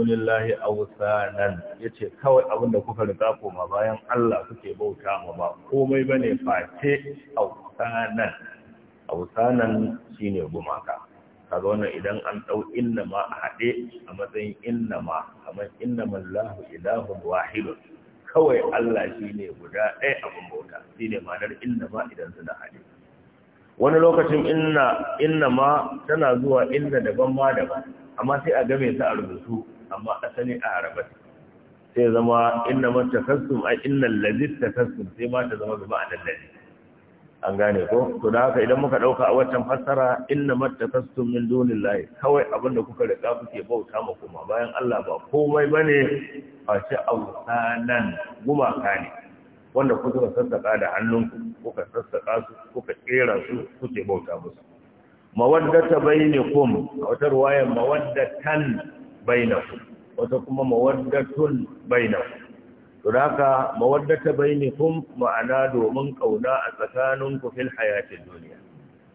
Speaker 1: dunillahi awsanan yace kawai abin da kuka rika koma bayan Allah kuke bauta ma ba komai bane face awsanan awsanan shine gumaka kaga wannan idan an dau inna ma a hade a matsayin inna ma kamar inna mallahu ilahun wahidun kawai Allah shine guda ɗaya abin bauta shine ma'anar inna ma idan suna hade wani lokacin inna inna ma tana zuwa inda daban ma daban amma sai a game ta a rubutu amma asali a arabat sai zama inna man takassum ai innal ladhi takassum sai ma ta zama bi ma'anar ladhi an gane ko to da haka idan muka dauka a waccan fassara inna man takassum min dunillahi kawai abinda kuka riga kuke bauta ma kuma bayan Allah ba komai bane ce ausanan gumaka ne wanda kuka sassaka da hannunku kuka sassaka su kuka kera su kuke bauta musu mawaddata bainakum a wata ruwayan mawaddatan bainahu wata kuma mawaddatun bainahu to haka mawaddata bainakum ma'ana domin kauna a tsakaninku fil hayatin duniya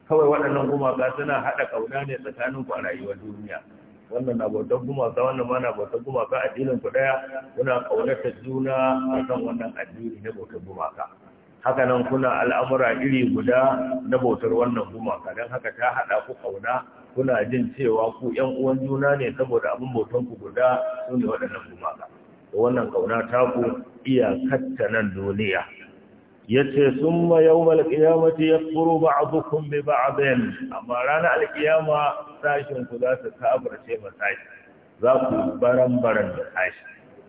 Speaker 1: kawai waɗannan gumaka suna haɗa kauna ne tsakaninku a rayuwar duniya wannan na kuma gumaka wannan ma na kuma gumaka addinin ku daya kuna kaunata juna kan wannan addini na bautar gumaka haka nan kuna al'amura iri guda na bautar wannan gumaka don haka ta haɗa ku kauna kuna jin cewa ku ƴan uwan juna ne saboda abin bautan ku guda su ne waɗannan gumaka da wannan kauna ta ku katta nan duniya yace summa yawmal qiyamati yakfuru ba'dukum bi ba'din amma ranar alkiyama sashin ku za su kafirce ma sashi za ku baran baran da sashi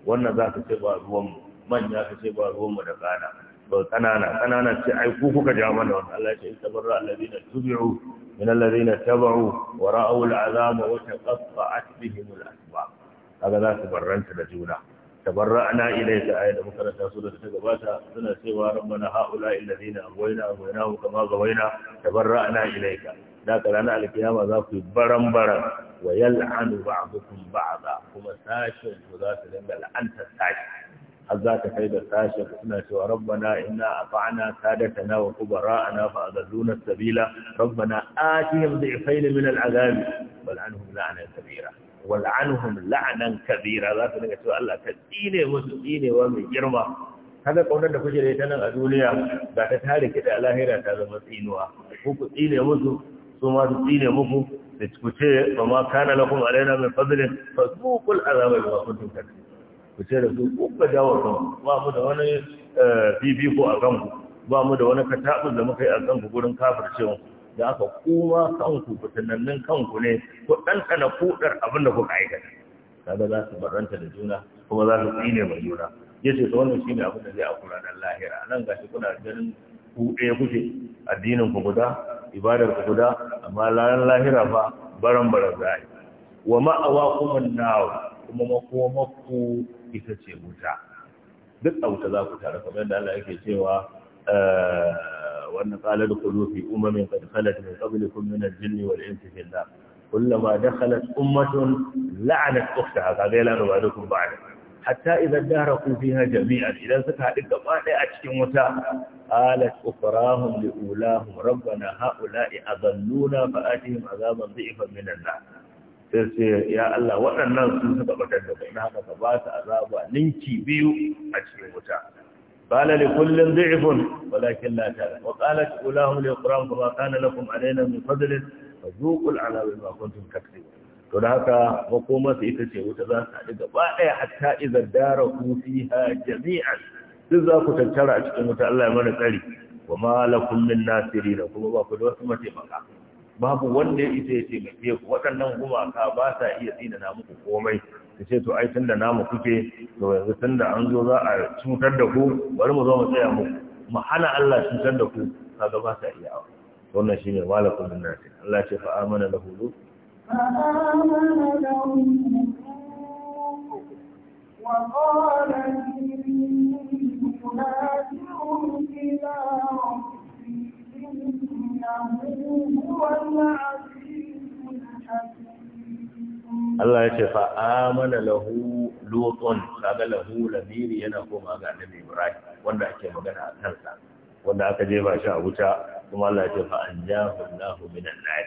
Speaker 1: wannan za ka ce ba ruwan manya ka ce ba ruwan mu da kana ba kanana kanana ce ai ku kuka ja mana wannan Allah ya tabarra alladina tubi'u min alladina tabu wa ra'u al'azaba wa taqatta'at bihim al'asbab kaga za su barranta da juna tabarra'na ilayka ayatu su da ta gabata suna cewa rabbana haula alladina aghwayna aghwayna kama ghawayna tabarra'na ilayka da kana alkiyama za ku baran baran wa yal'anu ba'dukum ba'da kuma sashin ku za su dinga la'anta sashi A za ka kai da sashen suna cewa rabbana inna ata'na sadatana wa kubara'ana fa azalluna sabila rabbana atihim dhifayn min al'azab bal anhum la'na kabira wal anhum la'nan kabira za ka dinga cewa Allah ka tsine musu tsinewa mai girma kada kaunar da kuke da ita nan a duniya ba ta tare ki da lahira ta zama tsinuwa ku ku tsine musu su ma su tsine muku ku ce ba ma kana lakum alaina min fadlin fa zuqul azaba bima kuntum takfurun ku da su kuka dawo kan ba mu da wani bibiko eh, a kanku ba mu da wani kataɓin da muka yi a kanku gurin cewa da aka kuma kanku fitanannin kanku ne ku ɗanɗana kuɗar abin da kuka aikata kaga za su baranta da juna kuma za su tsine mai juna ya ce ta wannan shi abin da zai akura dan lahira nan ga shi kuna ganin ku ɗaya kuke addinin ku guda ibadar ku guda amma lalan lahira fa baran baran za a yi wa ma'awa kuma nawa kuma makomakku ita ce wuta duk a wuta za ku tare kamar da Allah yake cewa eh, wannan qala dukhulu fi umamin qad khalat min qablikum min al-jinni wal insi fi an-nar kullama dakhalat ummatun la'anat ukhtaha kaga yana da wadukum ba'da hatta idza daraku fiha jami'an idan suka haɗu gaba ɗaya a cikin wuta qalat ukhrahum li ulahum rabbana ha'ula'i adalluna fa atihim azaban dhi'fan min an-nar sai sai ya Allah waɗannan sun suka batar da kai haka ka ba ta azaba ninki biyu a cikin wuta qala li kullin dhi'fun walakin la ta'lam wa qalat ulahum li qur'an fa kana lakum alaina min fadlin fadhuqu al'azab ma kuntum takfurun to da haka makoma su ita ce wuta za su haɗu gaba ɗaya hatta idza daraku fiha jami'an duk za ku tattara a cikin wuta Allah ya mana tsari wa ma lakum min nasirin kuma ba ku da wasu mataimaka babu wanda ya isa ya taimake ku waɗannan gumaka ba sa iya tsinana muku komai ta ce to ai tun da namu kuke to yanzu tun da an zo za a cutar da ku bari mu zo mu tsaya muku mu hana Allah cutar da ku kaga ba sa iya awa wannan shine malakul nasi Allah ya ce fa amana lahu
Speaker 2: fa amana lahu ila
Speaker 1: Allah ya ce fa’amana lahu lutun kaga lahu lamiri yana koma ga annabi Ibrahim wanda ake magana a kansa wanda aka jefa shi a wuta kuma Allah ya ce fa'an anjahu Allahu minan nar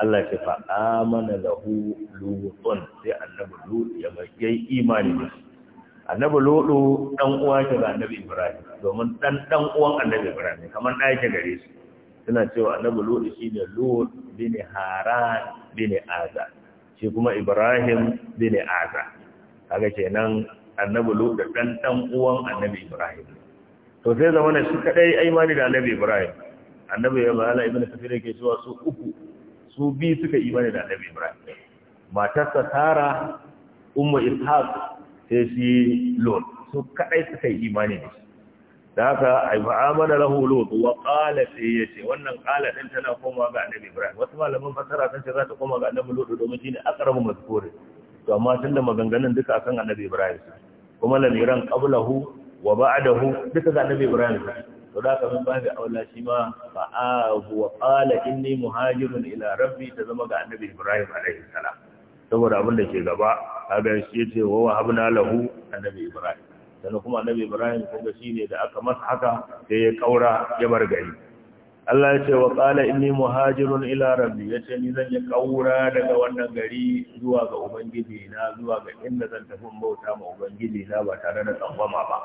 Speaker 1: Allah ya ce fa’amana lahu lutun sai annabi Lut ya bai imani ne. annabi Lut ɗan’uwa ke ga annabi Ibrahim domin ɗan’uwan uwan annabi Ibrahim kamar da yake gare su. suna cewa annabi shi ne lod bin haran bin aza shi kuma ibrahim bin aza kaga kenan annabi lut da dan dan uwan annabi ibrahim to sai zamana shi kadai imani da annabi ibrahim annabi ya bala ibnu kafir yake cewa su uku su bi suka imani da annabi ibrahim matarsa sara ummu ishaq sai shi lod su kadai suka yi imani da shi da haka ai lahu lut wa qala sai yace wannan qala din tana komawa ga annabi ibrahim wasu malaman fasara sun ce za ta koma ga annabi lut domin shine masu mazkuri to amma tunda maganganun duka akan annabi ibrahim kuma lamiran qablahu wa ba'dahu duka ga annabi ibrahim to da haka mun ba ga aula shi ma fa wa qala inni muhajirun ila rabbi ta zama ga annabi ibrahim alaihi salam saboda abin da ke gaba kaga shi yace wa wahabna lahu annabi ibrahim sannan kuma annabi ibrahim kun ga shine da aka masa haka sai ya kaura ya bar gari Allah ya ce wa qala inni muhajirun ila rabbi ce ni zan yi kaura daga wannan gari zuwa ga ubangiji na zuwa ga inda zan tafi bauta ma ubangiji na ba tare da tsangwama ba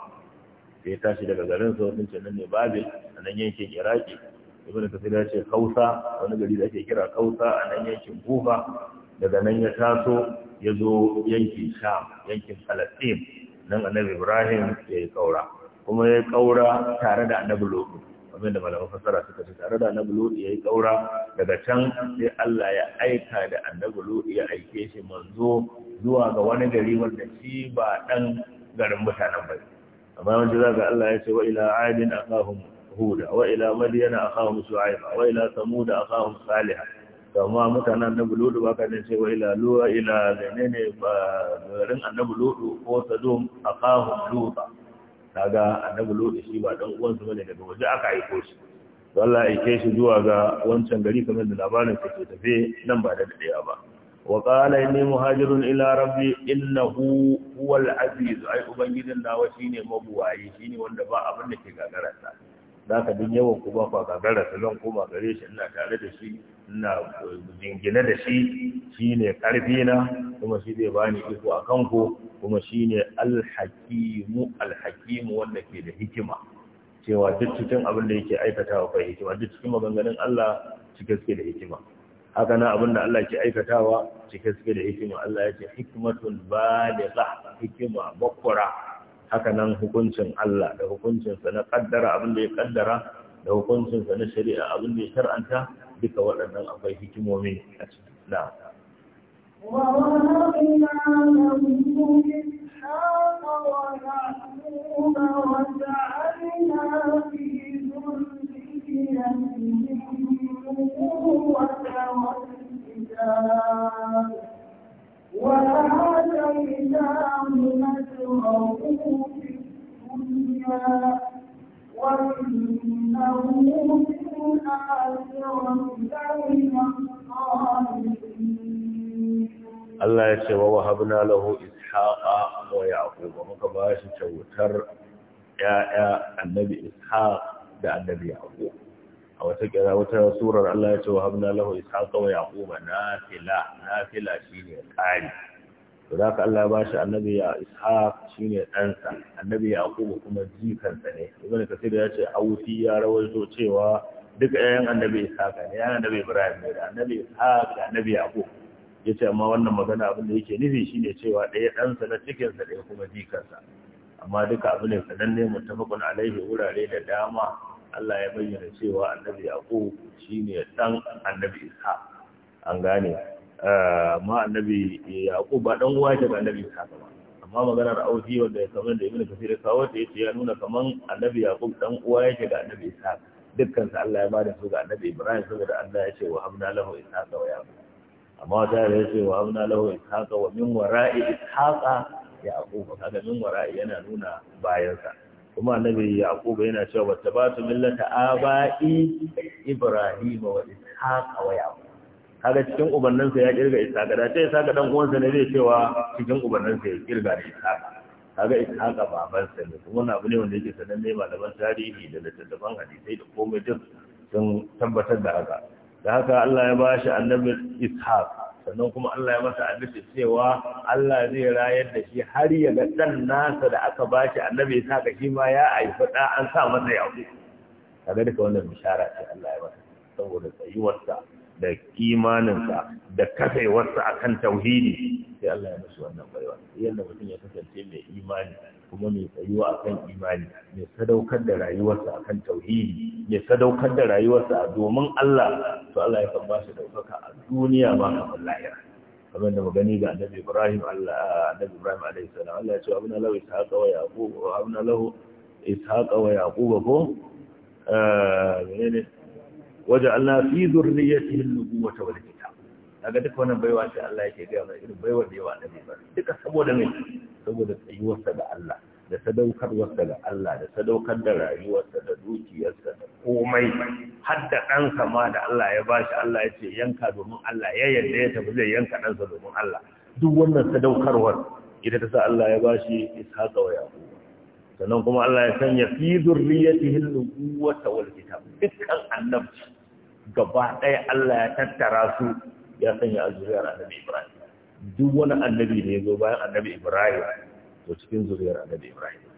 Speaker 1: sai tashi daga garin sa sun ce nan ne babil a nan yankin iraki ibn kasir ya ce kausa wani gari da ake kira kausa a nan yankin kufa daga nan ya taso ya zo yankin sham yankin falastin nan annabi ibrahim ya yi kaura kuma ya yi kaura tare da annabi lotu da malaman fasara suka ce tare da annabi ya yi kaura daga can sai allah ya aika da annabi lodi ya aike shi manzo zuwa ga wani gari wanda shi ba dan garin mutanen bai amma yawanci za ga allah ya ce wa ila adin akahum huda wa ila madiyana akahum shu'aiba wa ila samuda akahum salihah kama mutanen annabi ludu ba kanin cewa ila luwa ila menene ba garin annabi ludu ko ta a aqahum luta kaga annabi ludu shi ba dan uwansu bane daga waje aka haiko shi wallahi aike shi zuwa ga wancan gari kamar da labarin ke tafe nan ba da daya ba wa qala inni muhajirun ila rabbi innahu huwal aziz ai ubangidan nawa shine mabuwayi shine wanda ba abin da ke gagararsa zaka din yawan ku ba fa gagararsa zan koma gare shi ina tare da shi ina jingine da shi shi ne na kuma shi zai bani iko a kanku kuma shi ne alhakimu alhakimu wanda ke da hikima cewa duk cikin abin da yake aikatawa kai hikima duk cikin maganganun Allah cike suke da hikima haka na abin da Allah ke aikatawa cike suke da hikima Allah ya ce hikmatun baligha hikima bakwara haka nan hukuncin Allah da hukuncinsa na kaddara abin da ya kaddara da hukuncinsa na shari'a abin da ya shar'anta duka waɗannan akwai hikimomi a cikin na
Speaker 2: وآتيناه نجره في الدنيا وإنه
Speaker 1: Allah ya ce wa wahabna lahu ishaqa wa yaqub muka ba shi kyautar ya'ya annabi ishaq da annabi yaqub a wata kira wata surar Allah ya ce wa habna lahu ishaqa wa yaqub nafila nafila shine kari to haka Allah ba shi annabi ya ishaq shine dan sa annabi yaqub kuma jikan sa ne ibn kasir ya ce awfi ya rawaito cewa duka yayan annabi ishaqa ne yayan annabi ibrahim ne da annabi ishaqa da annabi yaqub yace amma wannan magana abin da yake nufi shine cewa ɗaya ɗansa na cikin sa ɗaya kuma jikansa amma duka abin da sanan ne muttafaqun alaihi wurare da dama Allah ya bayyana cewa annabi yaqub shine dan annabi isa an gane eh, amma annabi yaqub ba dan uwa ga annabi isa ba amma maganar auki wanda ya kamar da ibnu kafir kawo ta yace ya nuna kaman annabi yaqub dan uwa yake ga annabi isa dukkan su Allah ya ba da su ga annabi Ibrahim saboda Allah ya ce wa habna lahu ishaqa wa yaqub amma wata ya ce wa habna lahu ishaqa wa min wara'i ishaqa yaqub kaga min wara'i yana nuna bayansa kuma annabi yaqub yana cewa wattabatu millata aba'i ibrahim wa ishaqa wa yaqub kaga cikin ubannansa ya kirga ishaqa da sai saka dan uwansa ne zai cewa cikin ubannansa ya kirga da ishaqa kaga ishaqa babansa ne kuma wani abu ne wanda yake sanan ne malaman tarihi da littattafan hadisai da komai duk sun tabbatar da haka da haka Allah ya bashi annabi ishaq sannan kuma Allah ya masa addu'a cewa Allah zai rayar da shi har ya ga dan nasa da aka bashi annabi ishaq shi ma ya aifa da an sa masa yawo kaga duka wannan bishara ce Allah ya masa saboda tsayuwarsa da imaninsa da kafewarsa akan tauhidi sai Allah ya musu wannan baiwa yadda mutum ya kasance mai imani kuma mai tsayuwa akan imani mai sadaukar da rayuwarsa akan tauhidi mai sadaukar da rayuwarsa a domin Allah to Allah ya kan ba shi daukaka a duniya ma kafin lahira kamar da magani ga annabi Ibrahim Allah annabi Ibrahim alaihi salam Allah ya ce abuna lahu ishaqa wa yaqub abuna lahu ishaqa wa yaqub ko eh menene waja'alna fi dhurriyyatihi an-nubuwata wal kitab daga duk wannan baiwa ce Allah yake gaya mai irin baiwar da yawa annabi ba duka saboda me saboda tsayuwarsa da Allah da sadaukarwarsa ga Allah da sadaukar da rayuwarsa da dukiyarsa da komai har da ɗansa ma da Allah ya bashi Allah ya ce yanka domin Allah ya yarda ya tafi zai yanka ɗansa domin Allah duk wannan sadaukarwar ita ta sa Allah ya bashi Ishaqa wa Yaquba sannan kuma Allah ya sanya fi zurriyatihi al-quwwata wal kitab dukkan annabci gaba ɗaya Allah ya tattara su ya sanya azuriyar annabi Ibrahim duk wani annabi da ya zo bayan annabi Ibrahim to cikin zuriyar annabi Ibrahim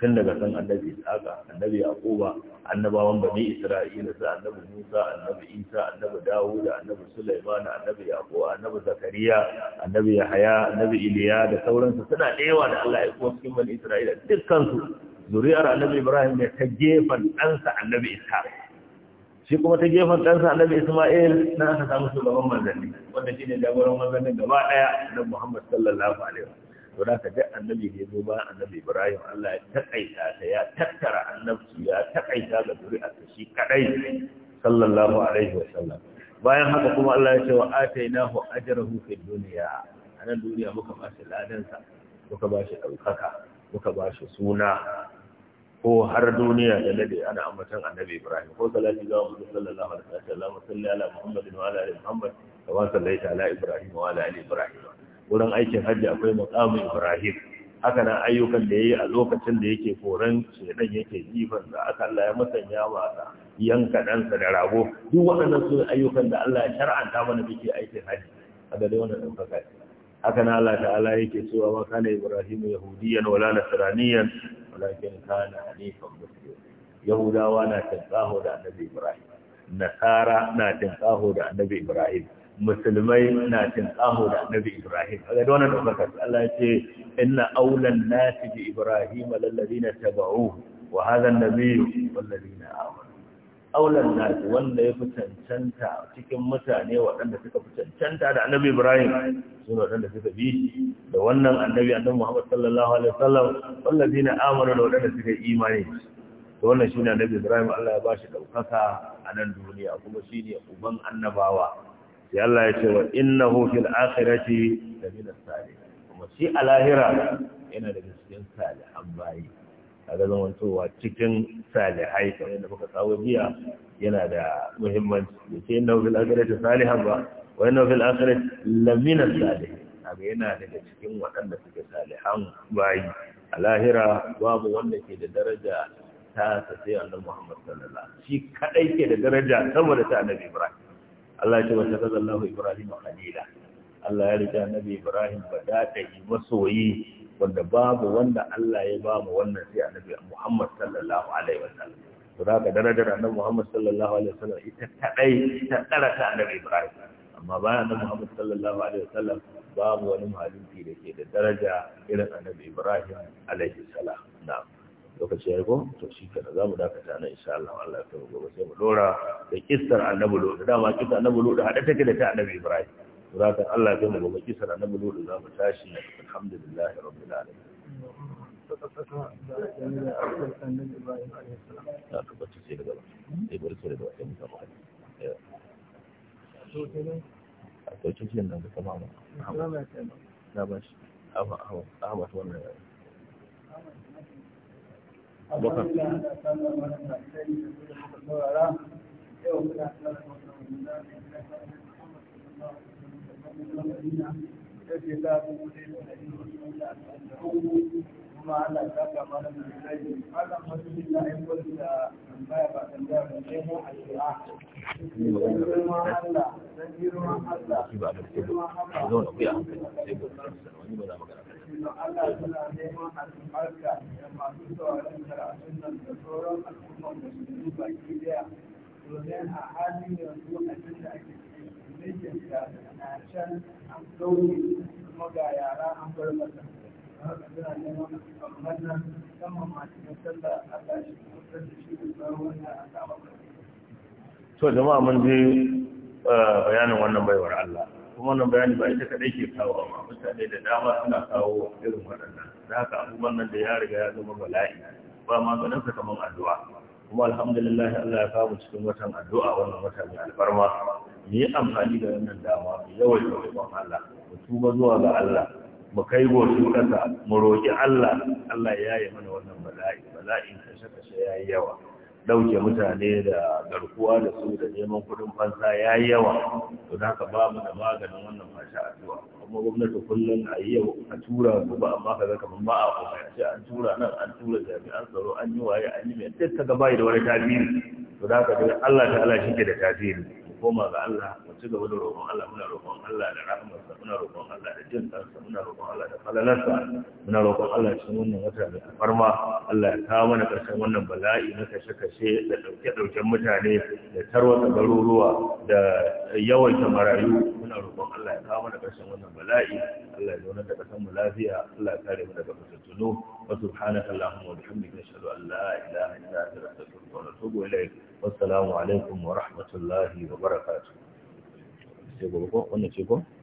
Speaker 1: tun daga san annabi isaka annabi yaquba annabawan bani isra'ila su annabi musa annabi isa annabi dawud annabi sulaiman annabi yaquba annabi zakariya annabi yahaya annabi iliya da sauransu suna ɗewa da Allah ya kuma cikin bani isra'ila dukkan su zuriyar annabi ibrahim ne ta gefen ɗansa annabi ishaq shi kuma ta gefen ɗansa annabi isma'il na aka samu shugaban manzanni wanda shine jagoran manzannin gaba ɗaya na muhammad sallallahu alaihi wasallam to da ka duk annabi ne ya zo bayan annabi ibrahim allah ya takaita ta ya tattara annabci ya takaita ga zuri'arsa shi kadai sallallahu alaihi wasallam bayan haka kuma allah ya ce wa atainahu ajrahu fid dunya a nan duniya muka ba shi ladansa muka ba shi ɗaukaka muka ba shi suna ko har duniya da nade ana ambatan annabi ibrahim ko salati ga mu sallallahu alaihi wasallam sallallahu ala muhammadin wa ala ali muhammad kama sallaita ala ibrahim wa ala ali ibrahim wurin aikin hajji akwai mukamin ibrahim haka nan ayyukan da yayi a lokacin da yake koran shedan yake jifan da aka Allah ya musanya masa yanka da rago duk waɗannan su ayyukan da Allah ya shar'anta mana biki aikin hajji haka dai wannan ɗaukaka ce haka na Allah ta'ala yake cewa wa kana ibrahim yahudiyan wala nasraniyan walakin kana hanifan muslim yahudawa na tinkaho da annabi ibrahim nasara na tinkaho da annabi ibrahim musulmai na cin tsaho da annabi Ibrahim a gada wannan ɗaukaka Allah ya ce inna aulan nasi bi Ibrahim lallazina tabau wa hadha an-nabiyyu na amanu aulan nasi wanda ya fi cancanta cikin mutane waɗanda suka fi cancanta da annabi Ibrahim sune waɗanda suka bi da wannan annabi annabi Muhammad sallallahu alaihi wasallam na amanu da waɗanda suka yi imani to wannan shine annabi Ibrahim Allah ya bashi ɗaukaka a nan duniya kuma shi shine uban annabawa sai Allah ya ce wa innahu fil akhirati lamina salih kuma shi a lahira yana daga cikin salihan bayi kaga zamantowa cikin salihai kamar yadda muka kawo jiya yana da muhimmanci Ya ce innahu fil akhirati salihan ba wa innahu fil akhirati lamina salih kaga yana daga cikin waɗanda suke salihan bayi a lahira babu wanda ke da daraja ta sai annabi Muhammad sallallahu alaihi wasallam shi kadai ke da daraja saboda ta nabi Ibrahim Allah ce wata kaza Allah Ibrahim Khalila Allah ya rija nabi Ibrahim ba da yi masoyi wanda babu wanda Allah ya ba mu wannan sai a nabi Muhammad sallallahu alaihi wasallam to da ka darajar Annabi Muhammad sallallahu alaihi wasallam ita ta dai ta tsara ta nabi Ibrahim amma bayan Annabi Muhammad sallallahu alaihi wasallam babu wani mahalinci da ke da daraja irin Annabi Ibrahim alaihi salam na'am lokaci ya to shi kenan za mu dakata na insha Allah Allah ya gobe sai mu dora da kissar annabi da ma kissar annabi lodi hada take da ta annabi Ibrahim to Allah ya mu gobe kissar annabi lodi za mu tashi alhamdulillah rabbil alamin ta ta ta ta a ta ta da kama ma na ba ta ta ta abubakar kuma ana saka mana da rai malam wasu na yin wasu da a shi'a da Allah suna
Speaker 2: neman albarka da masu
Speaker 1: sauran karatun nan da daya domin a hali yanzu a ake cikin da na can an ga yara an bar suna nan da shi da to jama'a mun ji eh, bayanin wannan baiwar Allah wannan bayani ba ita kaɗai ke kawo a mutane da dama suna kawo irin waɗannan da haka abubuwan nan da ya riga ya zama bala'i ba ma ganinsa kamar addu'a kuma alhamdulillah Allah ya kawo cikin watan addu'a wannan wata mai alfarma mu yi amfani da wannan dama mu yawan roƙon Allah mu tuba zuwa ga Allah mu kai goshi kasa mu roƙi Allah Allah ya yi mana wannan bala'i bala'in kashe-kashe ya yi yawa ɗauke mutane da garkuwa da su da neman kudin fansa ya yi yawa to za ka ba mu da maganin wannan fashe addu'a kuma gwamnati kullum a yi yau a tura gobe amma kaga kamar ba a kuma umarci an tura nan an tura jami'an tsaro an yi waye an yi mai duk kaga bai da wani tasiri to da haka dai Allah ta Allah shike da tasiri mu koma ga Allah mu ci gaba da roƙon Allah muna roƙon Allah da rahmarsa muna roƙon Allah da jin kansa muna roƙon Allah da falalarsa muna roƙon Allah cikin wannan wata mai alfarma Allah ya kawo mana ƙarshen wannan bala'i na kashe-kashe da ɗauke-ɗauken mutane da tarwata garuruwa da yawan marayu muna roƙon Allah ya kawo mana ƙarshen wannan bala'i Allah ya zauna da kasan mu lafiya Allah ya kare mu daga fitattunu wa subhanaka allahumma wa bihamdika ashhadu an la ilaha illa anta astaghfiruka wa atubu alaikum wa rahmatullahi wa barakatuh sai gobe ko wannan ce ko